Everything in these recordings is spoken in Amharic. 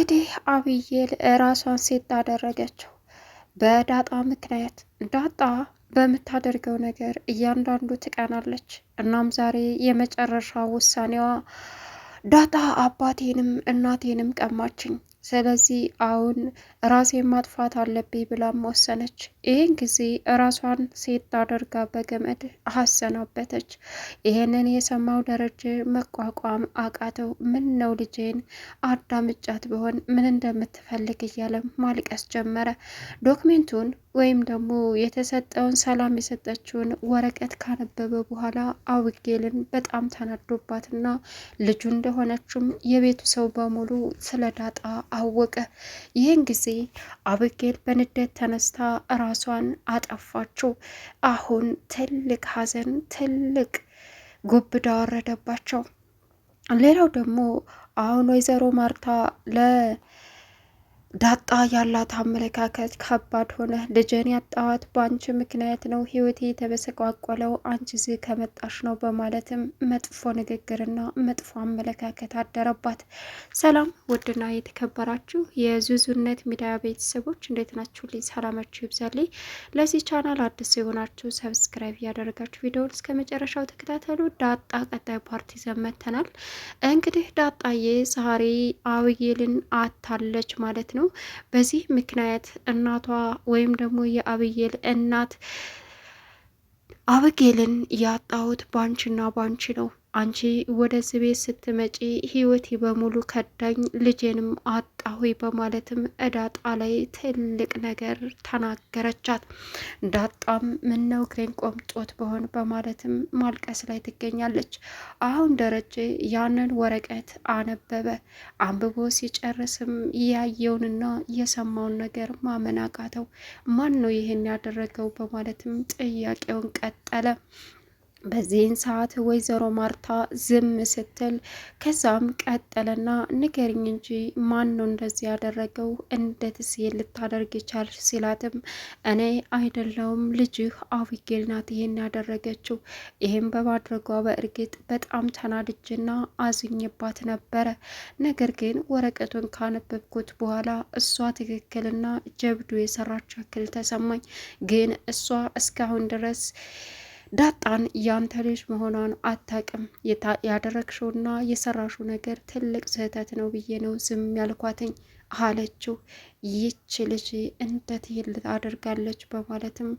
እንግዲህ አብዬል ራሷን ሴት አደረገችው በዳጣ ምክንያት። ዳጣ በምታደርገው ነገር እያንዳንዱ ትቀናለች። እናም ዛሬ የመጨረሻ ውሳኔዋ ዳጣ አባቴንም እናቴንም ቀማችኝ ስለዚህ አሁን ራሴን ማጥፋት አለብኝ ብላም ወሰነች። ይህን ጊዜ ራሷን ሴት አድርጋ በገመድ አሰናበተች። ይህንን የሰማው ደረጀ መቋቋም አቃተው። ምን ነው ልጄን አዳምጫት ብሆን ምን እንደምትፈልግ እያለም ማልቀስ ጀመረ። ዶክሜንቱን ወይም ደግሞ የተሰጠውን ሰላም የሰጠችውን ወረቀት ካነበበ በኋላ አውጌልን በጣም ተናዶባትና ልጁ እንደሆነችም የቤቱ ሰው በሙሉ ስለ ዳጣ አወቀ። ይህን ጊዜ አብጌል በንዴት ተነስታ ራሷን አጠፋችው። አሁን ትልቅ ሐዘን፣ ትልቅ ጉብዳ ወረደባቸው። ሌላው ደግሞ አሁን ወይዘሮ ማርታ ለ ዳጣ ያላት አመለካከት ከባድ ሆነ። ልጄን ያጣዋት በአንቺ ምክንያት ነው፣ ህይወቴ የተበሰቋቆለው አንቺ እዚህ ከመጣሽ ነው በማለትም መጥፎ ንግግርና መጥፎ አመለካከት አደረባት። ሰላም ውድና የተከበራችሁ የዙዙነት ሚዲያ ቤተሰቦች እንዴት ናችሁ? ልይ ሰላማችሁ ይብዛልኝ። ለዚህ ቻናል አዲስ የሆናችሁ ሰብስክራይብ እያደረጋችሁ ቪዲዮውን እስከ መጨረሻው ተከታተሉ። ዳጣ ቀጣይ ፓርቲ ዘመተናል መጥተናል። እንግዲህ ዳጣዬ ዛሬ አብይልን አታለች ማለት ነው ነው። በዚህ ምክንያት እናቷ ወይም ደግሞ የአብየል እናት አብጌልን ያጣሁት ባንቺና ባንቺ ነው አንቺ ወደዚህ ቤት ስትመጪ ህይወቴ በሙሉ ከዳኝ፣ ልጄንም አጣሁኝ በማለትም እዳጣ ላይ ትልቅ ነገር ተናገረቻት። ዳጣም ምነው እግሬን ቆምጦት በሆን በማለትም ማልቀስ ላይ ትገኛለች። አሁን ደረጀ ያንን ወረቀት አነበበ። አንብቦ ሲጨርስም ያየውንና የሰማውን ነገር ማመን አቃተው። ማን ነው ይህን ያደረገው በማለትም ጥያቄውን ቀጠለ። በዚህን ሰዓት ወይዘሮ ማርታ ዝም ስትል ከዛም ቀጠለና ንገርኝ እንጂ ማን ነው እንደዚህ ያደረገው? እንዴትስ ልታደርግ ቻልሽ? ሲላትም እኔ አይደለሁም ልጅህ አቢጌል ናት ይሄን ያደረገችው። ይህም በማድረጓ በእርግጥ በጣም ተናድጄና አዝኜባት ነበረ። ነገር ግን ወረቀቱን ካነበብኩት በኋላ እሷ ትክክልና ጀብዱ የሰራች ያክል ተሰማኝ። ግን እሷ እስካሁን ድረስ ዳጣን ያንተ ልጅ መሆኗን አታቅም። ያደረግሽውና የሰራሽው ነገር ትልቅ ስህተት ነው ብዬ ነው ዝም ያልኳትኝ አለችው። ይች ልጅ እንዴት አድርጋለች በማለትም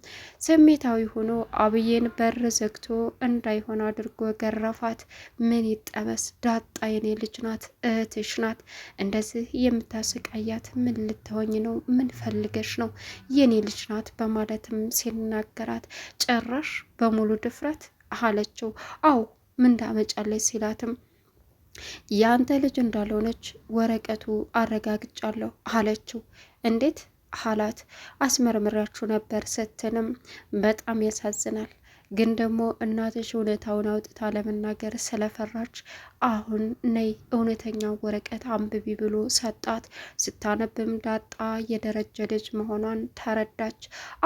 ስሜታዊ ሆኖ አብዬን በር ዘግቶ እንዳይሆን አድርጎ ገረፋት። ምን ይጠበስ ዳጣ የኔ ልጅ ናት፣ እህትሽ ናት። እንደዚህ የምታስቀያት ምን ልትሆኝ ነው? ምን ፈልገሽ ነው? የኔ ልጅ ናት በማለትም ሲናገራት ጭራሽ በሙሉ ድፍረት አለችው። አዎ ምን ሲላትም ያንተ ልጅ እንዳልሆነች ወረቀቱ አረጋግጫለሁ አለችው። እንዴት አላት። አስመርምሪያችሁ ነበር ስትልም በጣም ያሳዝናል ግን ደግሞ እናትሽ እውነታውን አውጥታ ለመናገር ስለፈራች አሁን ነይ እውነተኛው ወረቀት አንብቢ ብሎ ሰጣት። ስታነብም ዳጣ የደረጀ ልጅ መሆኗን ተረዳች።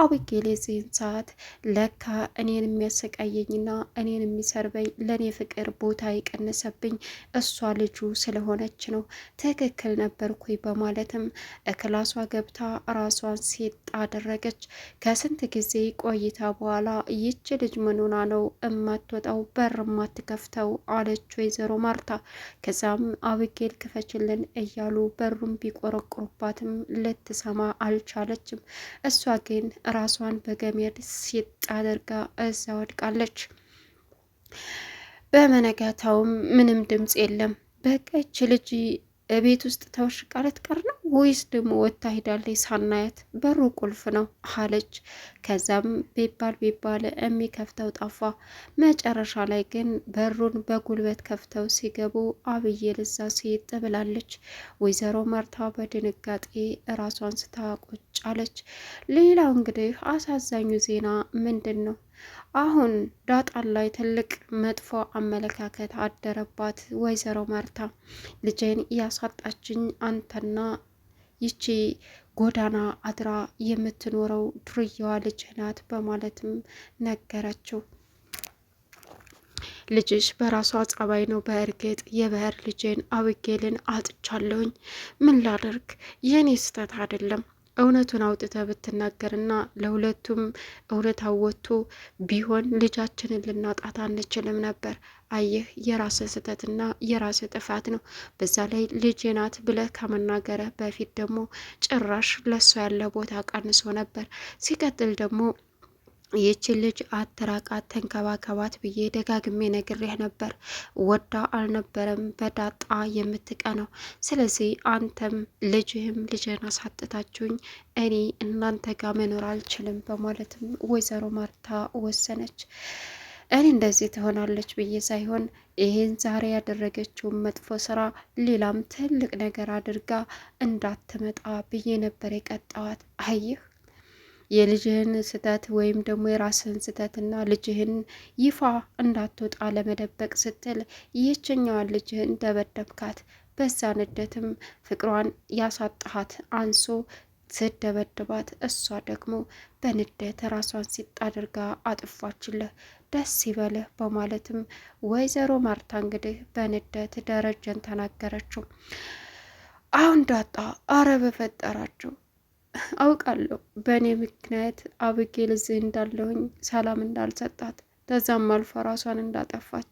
አብጌል የዚህን ሰዓት ለካ እኔን የሚያሰቃየኝና እኔን የሚሰርበኝ ለእኔ ፍቅር ቦታ የቀነሰብኝ እሷ ልጁ ስለሆነች ነው። ትክክል ነበርኩኝ በማለትም እክላሷ ገብታ ራሷን ሴጥ አደረገች። ከስንት ጊዜ ቆይታ በኋላ ይች ልጅ ልጅ ሆና ነው እማትወጣው በር እማትከፍተው አለች ወይዘሮ ማርታ። ከዛም አብጌል ክፈችልን እያሉ በሩን ቢቆረቁሩባትም ልትሰማ አልቻለችም። እሷ ግን ራሷን በገመድ ሲጥ አድርጋ እዛ ወድቃለች። በመነጋታውም ምንም ድምፅ የለም። በቀች ልጅ ቤት ውስጥ ተወሽቃ ልትቀር ነው ወይስ ደግሞ ወታ ሄዳለች ሳናያት በሩ ቁልፍ ነው አለች። ከዛም ቢባል ቢባል የሚከፍተው ጠፋ። መጨረሻ ላይ ግን በሩን በጉልበት ከፍተው ሲገቡ አብዬ ልዛ ሲጥ ብላለች። ወይዘሮ መርታ በድንጋጤ ራሷን ስታ ቁጭ አለች። ሌላው እንግዲህ አሳዛኙ ዜና ምንድን ነው? አሁን ዳጣን ላይ ትልቅ መጥፎ አመለካከት አደረባት። ወይዘሮ መርታ ልጄን እያሳጣችኝ አንተና ይቺ ጎዳና አድራ የምትኖረው ዱርየዋ ልጅህ ናት በማለትም ነገረችው። ልጅሽ በራሷ ጸባይ ነው። በእርግጥ የባህር ልጄን አብጌልን አጥቻለሁኝ። ምን ላደርግ? የእኔ ስህተት አይደለም። እውነቱን አውጥተ ብትናገርና ለሁለቱም እውነት አወጥቶ ቢሆን ልጃችንን ልናጣት አንችልም ነበር። አየህ የራስህ ስህተትና የራስ ጥፋት ነው። በዛ ላይ ልጄ ናት ብለህ ከመናገረ በፊት ደግሞ ጭራሽ ለሷ ያለ ቦታ ቀንሶ ነበር። ሲቀጥል ደግሞ ይህች ልጅ አትራቃት፣ ተንከባከባት ብዬ ደጋግሜ ነግሬህ ነበር። ወዳ አልነበረም በዳጣ ነው። ስለዚህ አንተም ልጅህም ልጅን አሳጥታችሁኝ እኔ እናንተ ጋር መኖር አልችልም በማለትም ወይዘሮ ማርታ ወሰነች። እኔ እንደዚህ ትሆናለች ብዬ ሳይሆን ይህን ዛሬ ያደረገችውን መጥፎ ስራ ሌላም ትልቅ ነገር አድርጋ እንዳትመጣ ብዬ ነበር የቀጣዋት። አየህ የልጅህን ስህተት ወይም ደግሞ የራስህን ስህተትና ልጅህን ይፋ እንዳትወጣ ለመደበቅ ስትል ይህችኛዋን ልጅህን ደበደብካት። በዛ ንደትም ፍቅሯን ያሳጣሃት አንሶ ስደበድባት እሷ ደግሞ በንደት ራሷን ሲጥ አድርጋ አጥፏችልህ። ደስ ይበልህ በማለትም ወይዘሮ ማርታ እንግዲህ በንደት ደረጀን ተናገረችው። አሁን ዳጣ አረ በፈጠራችሁ አውቃለሁ በእኔ ምክንያት አብጌል እዚህ እንዳለሁኝ ሰላም እንዳልሰጣት ከዛም አልፎ ራሷን እንዳጠፋች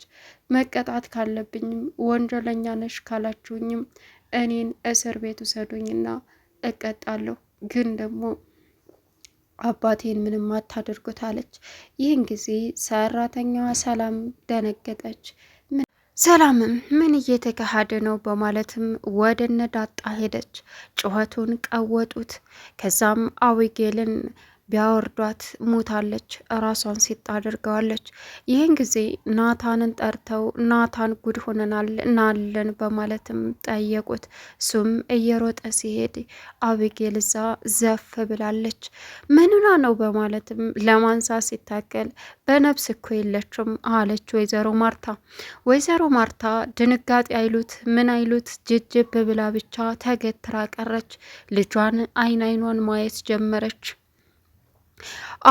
መቀጣት ካለብኝም ወንጀለኛ ነሽ ካላችሁኝም እኔን እስር ቤት ውሰዱኝና እቀጣለሁ፣ ግን ደግሞ አባቴን ምንም አታደርጉት አለች። ይህን ጊዜ ሰራተኛዋ ሰላም ደነገጠች። ሰላምም ምን እየተካሄደ ነው በማለትም ወደ እነ ዳጣ ሄደች። ጩኸቱን ቀወጡት። ከዛም አዊጌልን ቢያወርዷት ሞታለች፣ ራሷን ሲጣ አድርገዋለች። ይህን ጊዜ ናታንን ጠርተው ናታን ጉድ ሆነናል እናለን በማለትም ጠየቁት። እሱም እየሮጠ ሲሄድ አብጌል እዛ ዘፍ ብላለች። ምንና ነው በማለትም ለማንሳት ሲታገል በነብስ እኮ የለችም አለች ወይዘሮ ማርታ። ወይዘሮ ማርታ ድንጋጤ አይሉት ምን አይሉት ጅጅብ ብላ ብቻ ተገትራ ቀረች። ልጇን አይን አይኗን ማየት ጀመረች።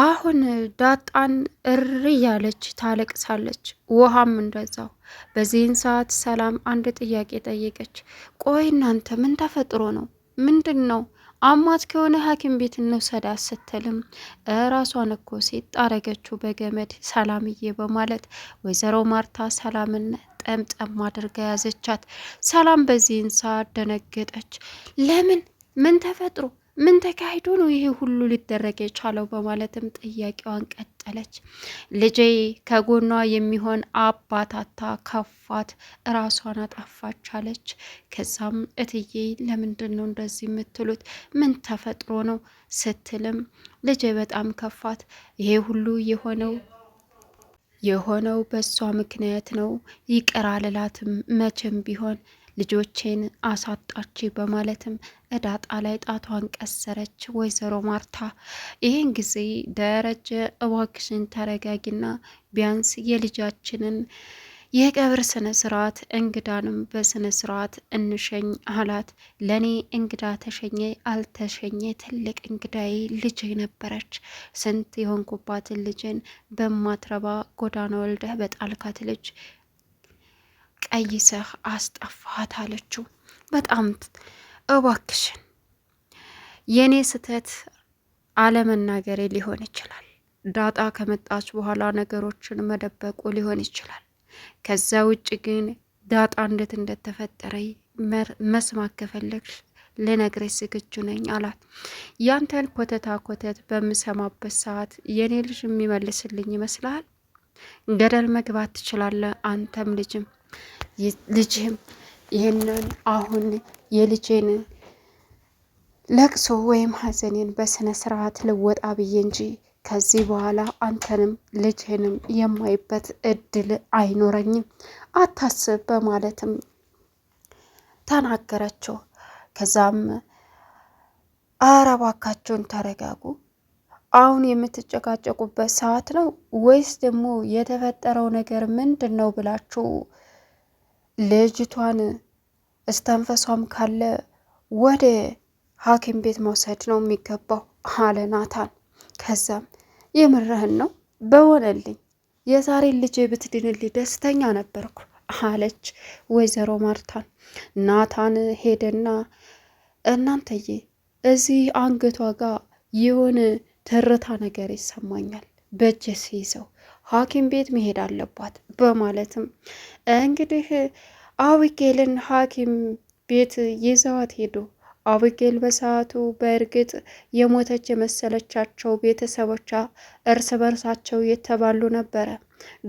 አሁን ዳጣን እሪ ያለች ታለቅሳለች። ውሃም እንደዛው። በዚህን ሰዓት ሰላም አንድ ጥያቄ ጠየቀች። ቆይ እናንተ ምን ተፈጥሮ ነው? ምንድን ነው አማት ከሆነ ሐኪም ቤት እንውሰዳ ስትልም ራሷን እኮ ሴት ጣረገችው በገመድ ሰላምዬ በማለት ወይዘሮ ማርታ ሰላምን ጠምጠም አድርጋ ያዘቻት። ሰላም በዚህን ሰዓት ደነገጠች። ለምን ምን ተፈጥሮ ምን ተካሂዶ ነው ይሄ ሁሉ ሊደረግ የቻለው? በማለትም ጥያቄዋን ቀጠለች። ልጄ ከጎኗ የሚሆን አባታታ ከፋት፣ እራሷን አጣፋች አለች። ከዛም እትዬ ለምንድን ነው እንደዚህ የምትሉት? ምን ተፈጥሮ ነው ስትልም ልጄ በጣም ከፋት። ይሄ ሁሉ የሆነው የሆነው በእሷ ምክንያት ነው፣ ይቅር አልላትም መቼም ቢሆን ልጆቼን አሳጣች በማለትም እዳጣ ላይ ጣቷን ቀሰረች ወይዘሮ ማርታ። ይህን ጊዜ ደረጀ እባክሽን ተረጋጊና ቢያንስ የልጃችንን የቀብር ስነ ስርዓት እንግዳንም በስነ ስርዓት እንሸኝ አላት። ለእኔ እንግዳ ተሸኘ አልተሸኘ ትልቅ እንግዳዬ ልጄ ነበረች። ስንት የሆንኩባትን ልጅን በማትረባ ጎዳና ወልደህ በጣልካት ልጅ ቀይሰህ አስጠፋት አለችው። በጣም እባክሽን የእኔ ስህተት አለመናገሬ ሊሆን ይችላል ዳጣ ከመጣች በኋላ ነገሮችን መደበቁ ሊሆን ይችላል። ከዛ ውጭ ግን ዳጣ እንዴት እንደተፈጠረ መስማት ከፈለግሽ ልነግረሽ ዝግጁ ነኝ አላት። ያንተን ኮተታ ኮተት በምሰማበት ሰዓት የኔ ልጅ የሚመልስልኝ ይመስልሃል? ገደል መግባት ትችላለህ። አንተም ልጅም ልጅህም ይህንን አሁን የልጄን ለቅሶ ወይም ሀዘኔን በስነ ስርዓት ልወጣ ብዬ እንጂ ከዚህ በኋላ አንተንም ልጅህንም የማይበት እድል አይኖረኝም፣ አታስብ በማለትም ተናገረችው። ከዛም አረ እባካችሁን ተረጋጉ፣ አሁን የምትጨቃጨቁበት ሰዓት ነው ወይስ ደግሞ የተፈጠረው ነገር ምንድን ነው ብላችሁ ልጅቷን እስተንፈሷም ካለ ወደ ሐኪም ቤት መውሰድ ነው የሚገባው አለ ናታን። ከዛም የምርህን ነው በሆነልኝ የዛሬን ልጄ ብትድንልኝ ደስተኛ ነበርኩ አለች ወይዘሮ ማርታን። ናታን ሄደና እናንተዬ እዚህ አንገቷ ጋር የሆነ ትርታ ነገር ይሰማኛል፣ በእጄ ሲይዘው ሐኪም ቤት መሄድ አለባት በማለትም እንግዲህ አዊጌልን ሐኪም ቤት ይዘዋት ሄዱ። አብጌል በሰዓቱ በእርግጥ የሞተች የመሰለቻቸው ቤተሰቦቿ እርስ በርሳቸው የተባሉ ነበረ።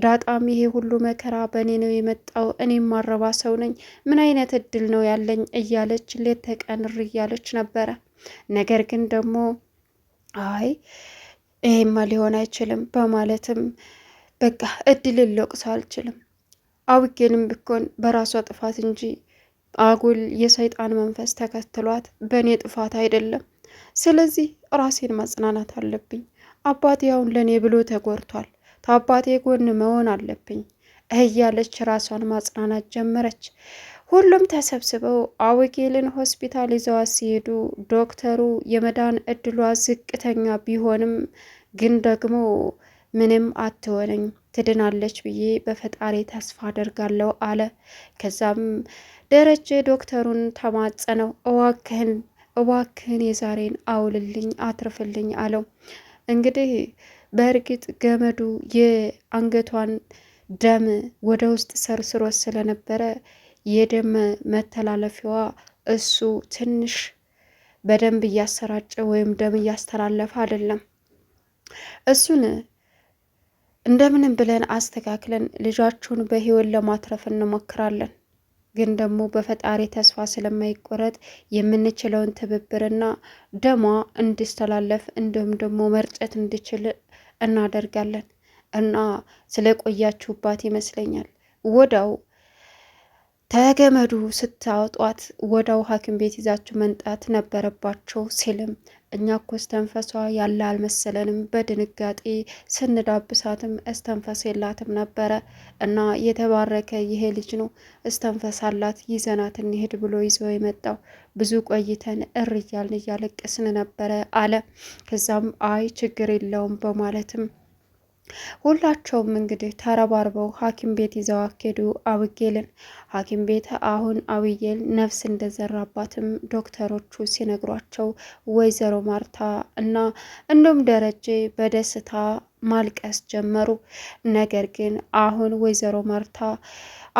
ዳጣም ይሄ ሁሉ መከራ በእኔ ነው የመጣው፣ እኔም ማረባ ሰው ነኝ፣ ምን አይነት እድል ነው ያለኝ እያለች ሌት ተቀን እር እያለች ነበረ። ነገር ግን ደግሞ አይ ይሄማ ሊሆን አይችልም በማለትም በቃ እድል ልወቅሰው አልችልም አብጌልም ብኮን በራሷ ጥፋት እንጂ አጉል የሰይጣን መንፈስ ተከትሏት በእኔ ጥፋት አይደለም። ስለዚህ ራሴን ማጽናናት አለብኝ። አባቴ አሁን ለእኔ ብሎ ተጎድቷል። ከአባቴ ጎን መሆን አለብኝ እያለች ራሷን ማጽናናት ጀመረች። ሁሉም ተሰብስበው አወጌልን ሆስፒታል ይዘዋት ሲሄዱ ዶክተሩ የመዳን እድሏ ዝቅተኛ ቢሆንም ግን ደግሞ ምንም አትሆነኝ ትድናለች ብዬ በፈጣሪ ተስፋ አደርጋለሁ አለ። ከዛም ደረጀ ዶክተሩን ተማጸነው። እዋክህን እዋክህን የዛሬን አውልልኝ፣ አትርፍልኝ አለው። እንግዲህ በእርግጥ ገመዱ የአንገቷን ደም ወደ ውስጥ ሰርስሮ ስለነበረ የደም መተላለፊዋ እሱ ትንሽ በደንብ እያሰራጨ ወይም ደም እያስተላለፈ አይደለም። እሱን እንደምንም ብለን አስተካክለን ልጃችሁን በህይወት ለማትረፍ እንሞክራለን። ግን ደግሞ በፈጣሪ ተስፋ ስለማይቆረጥ የምንችለውን ትብብርና ደሟ እንዲስተላለፍ እንዲሁም ደግሞ መርጨት እንዲችል እናደርጋለን እና ስለቆያችሁባት ይመስለኛል ወዳው ተገመዱ ስታወጧት ወዳው ሐኪም ቤት ይዛችሁ መንጣት ነበረባቸው ሲልም እኛ እኮ እስተንፈሷ ያለ አልመሰለንም። በድንጋጤ ስንዳብሳትም እስተንፈስ የላትም ነበረ እና የተባረከ ይሄ ልጅ ነው እስተንፈስ አላት ይዘናት እንሄድ ብሎ ይዞ የመጣው ብዙ ቆይተን እር እያልን እያለቀስን ነበረ አለ። ከዛም አይ ችግር የለውም በማለትም ሁላቸውም እንግዲህ ተረባርበው ሐኪም ቤት ይዘው አኬዱ አብጌልን። ሐኪም ቤት አሁን አብጌል ነፍስ እንደዘራባትም ዶክተሮቹ ሲነግሯቸው ወይዘሮ ማርታ እና እንዲሁም ደረጀ በደስታ ማልቀስ ጀመሩ። ነገር ግን አሁን ወይዘሮ ማርታ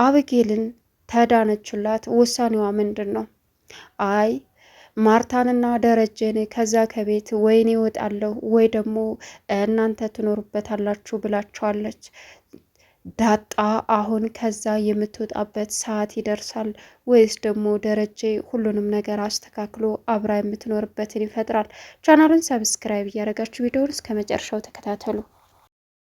አብጌልን ተዳነችላት። ውሳኔዋ ምንድን ነው? አይ ማርታንና ደረጀን ከዛ ከቤት ወይኔ ይወጣለሁ ወይ ደግሞ እናንተ ትኖሩበታላችሁ ብላችኋለች። ዳጣ አሁን ከዛ የምትወጣበት ሰዓት ይደርሳል ወይስ ደግሞ ደረጀ ሁሉንም ነገር አስተካክሎ አብራ የምትኖርበትን ይፈጥራል? ቻናሉን ሰብስክራይብ እያደረጋችሁ ቪዲዮውን እስከ መጨረሻው ተከታተሉ።